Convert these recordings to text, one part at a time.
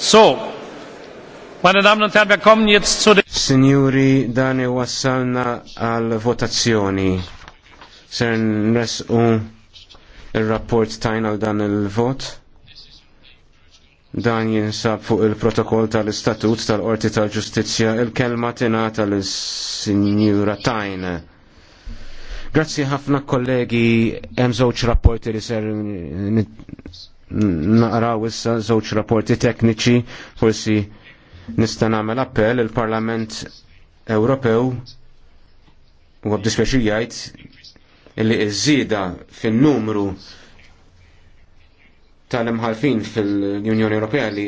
So, meine Damen und Herren, wir kommen jetzt zu den... Signori, dani wassalna għal votazzjoni. Ser nresqu il-rapport tajna għal dan il-vot. Dan jinsab fuq il-protokoll tal-istatut tal-Qorti tal-Ġustizzja il-kelma tingħata lis-Sinjura tajna. Grazzi ħafna kollegi hemm żewġ rapporti li ser naqraw issa żewġ rapporti tekniċi, forsi nista' nagħmel appell il-Parlament Ewropew u għabdispeċi jgħid illi iż-żieda fin-numru tal-imħalfin fil-Unjoni Ewropea li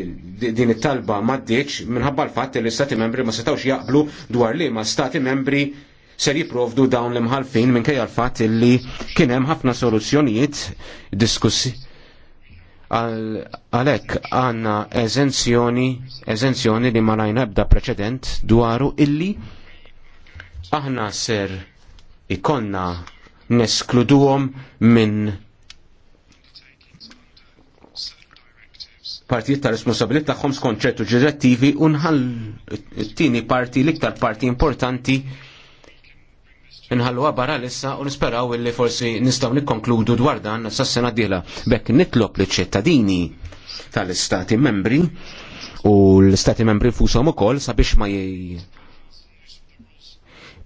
din it-talba ma ddiċ minħabba l-fatt li stati membri ma setawx jaqblu dwar li ma stati membri ser jiprovdu dawn l-imħalfin minkejja l-fatt li kien hemm ħafna soluzzjonijiet diskussi għalek għanna eżenzjoni, eżenzjoni li ma rajna ebda preċedent dwaru illi aħna ser ikonna neskluduhom minn partijiet ta' responsabilità tagħhom skont ċertu ġirettivi u nħall tieni parti l-iktar parti importanti għabara barra issa u nisperaw illi forsi nistgħu nikkonkludu dwar dan sas-sena dieħla bekk nitlob liċ ċittadini tal-istati membri u l-istati membri u ukoll sabiex ma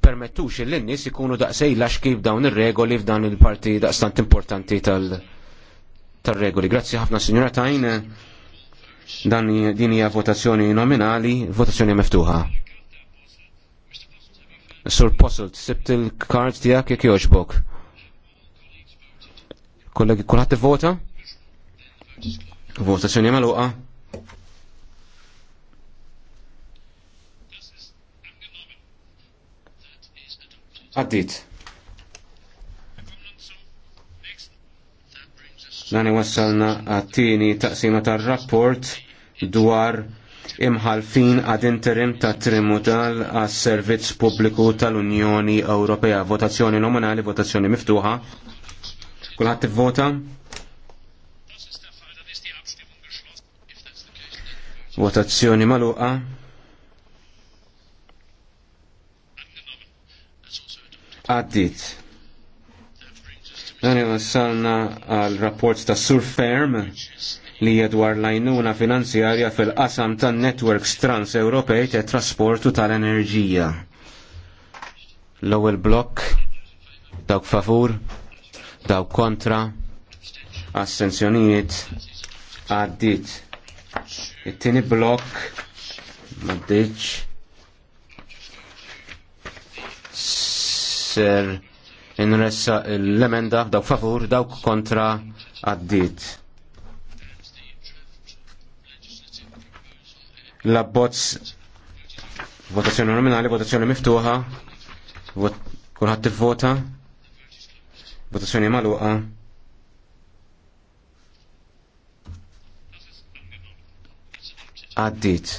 permettux il nies ikunu daqsej laxki f'dawn ir-regoli f'dan il-parti daqstant importanti tal-regoli. Grazzi ħafna, Signora Tajn. Dan din hija votazzjoni nominali, votazzjoni meftuħa. Sur Posol, sibt il-kart tijak jek joġbok. Kollegi, kullħat t-vota? vota? vota s Votazzjoni maluqa? Għaddit. Nani wassalna għattini taqsima tal rapport dwar imħalfin għad interim ta' Trimutal għas servizz pubbliku tal-Unjoni Ewropea. Votazzjoni nominali, votazzjoni miftuħa. Kulħadd tivvota? Votazzjoni maluqa. Għaddit. Għani wassalna għal rapport ta' Sur Ferm li jedwar lajnuna finanzjarja fil-qasam tan networks trans-Ewropej ta' trasportu tal-enerġija. L-ewwel blokk dawk favur, dawk kontra, assenzjonijiet għaddit. It-tieni blokk maddiċ, ser inressa l-emenda dawk favur, dawk kontra għaddit L-abbozz votazzjoni nominali, votazzjoni miftuħa, vot, kulħadd vota votazzjoni maluqa. Għaddit.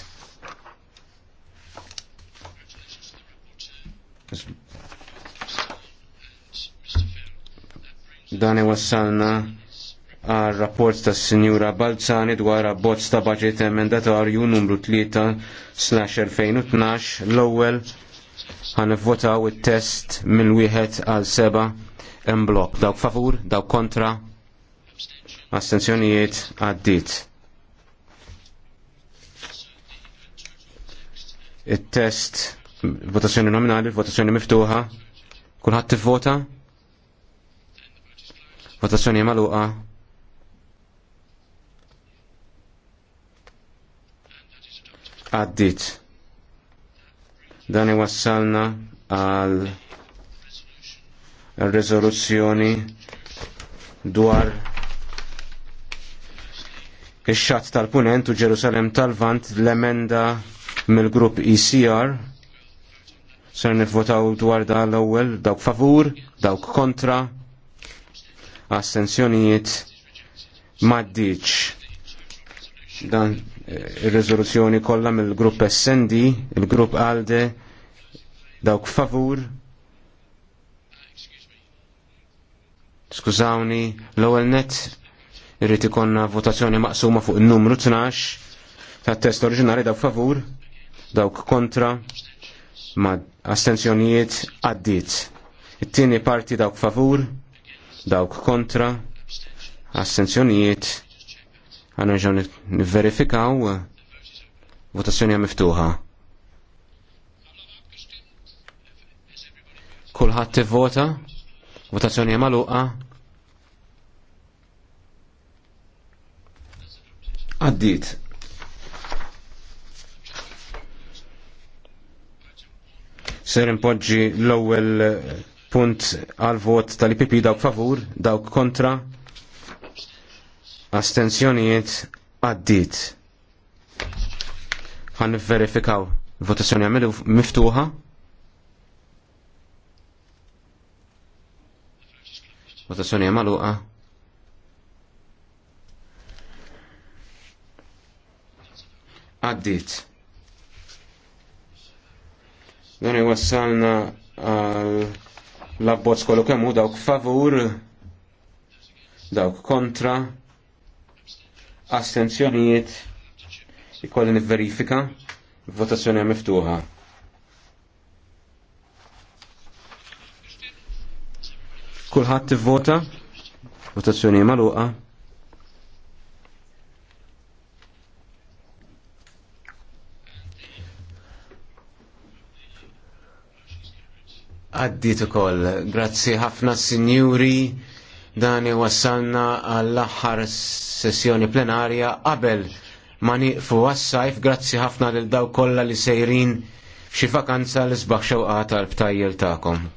Dani wassalna għal rapport tas Sinjura Balzani dwar abbozz ta' budget emendatorju numru 3/2012 l-ewwel votaw it-test minn wieħed għal seba' en blok. Dawk favur, dawk kontra, astenzjonijiet għaddit. It-test votazzjoni nominali, votazzjoni miftuħa, kulħadd tivvota? Votazzjoni magħluqa. għaddit. Dan iwassalna għal rezoluzzjoni dwar ix-xatt tal-Punent u Ġerusalem tal-Vant l-emenda mill-grupp ECR ser nifvotaw dwar da l-ewwel dawk favur, dawk kontra, astensjonijiet maddiċ dan ir-riżoluzzjoni kollha mill-grupp SND, il-grupp ALDE, dawk favur. Skużawni, l-ewwel net irrid ikonna votazzjoni maqsuma fuq in-numru 12 tat-test oriġinali dawk favur, dawk kontra, ma astenzjonijiet għaddiet. It-tieni parti dawk favur, dawk kontra, astenzjonijiet Għanna nivverifikaw eh, votazzjoni miftuħa. Kulħadd vota votazzjoni magħluqa. Għaddit. Ser impoġġi l-ewwel eh, punt għal vot tal-IPP dawk favur, dawk kontra, astenzjonijiet għaddit. Għan verifikaw votazzjoni għamilu miftuħa. Votazzjoni għamaluqa. Għaddit. Dan wassalna għal l-abbozz kollu kemmu dawk favur, dawk kontra, astenzjonijiet ikolli nifverifika votazzjoni miftuħa. Kulħadd tivvota, votazzjoni magħluqa. Għaddit ukoll, grazzi ħafna sinjuri dan wassalna għall-aħħar sessjoni plenarja qabel ma nieqfu għas-sajf grazzi ħafna lil daw kollha li sejrin f'xi vakanza li sbaħ xewqa tal-btajjel tagħkom.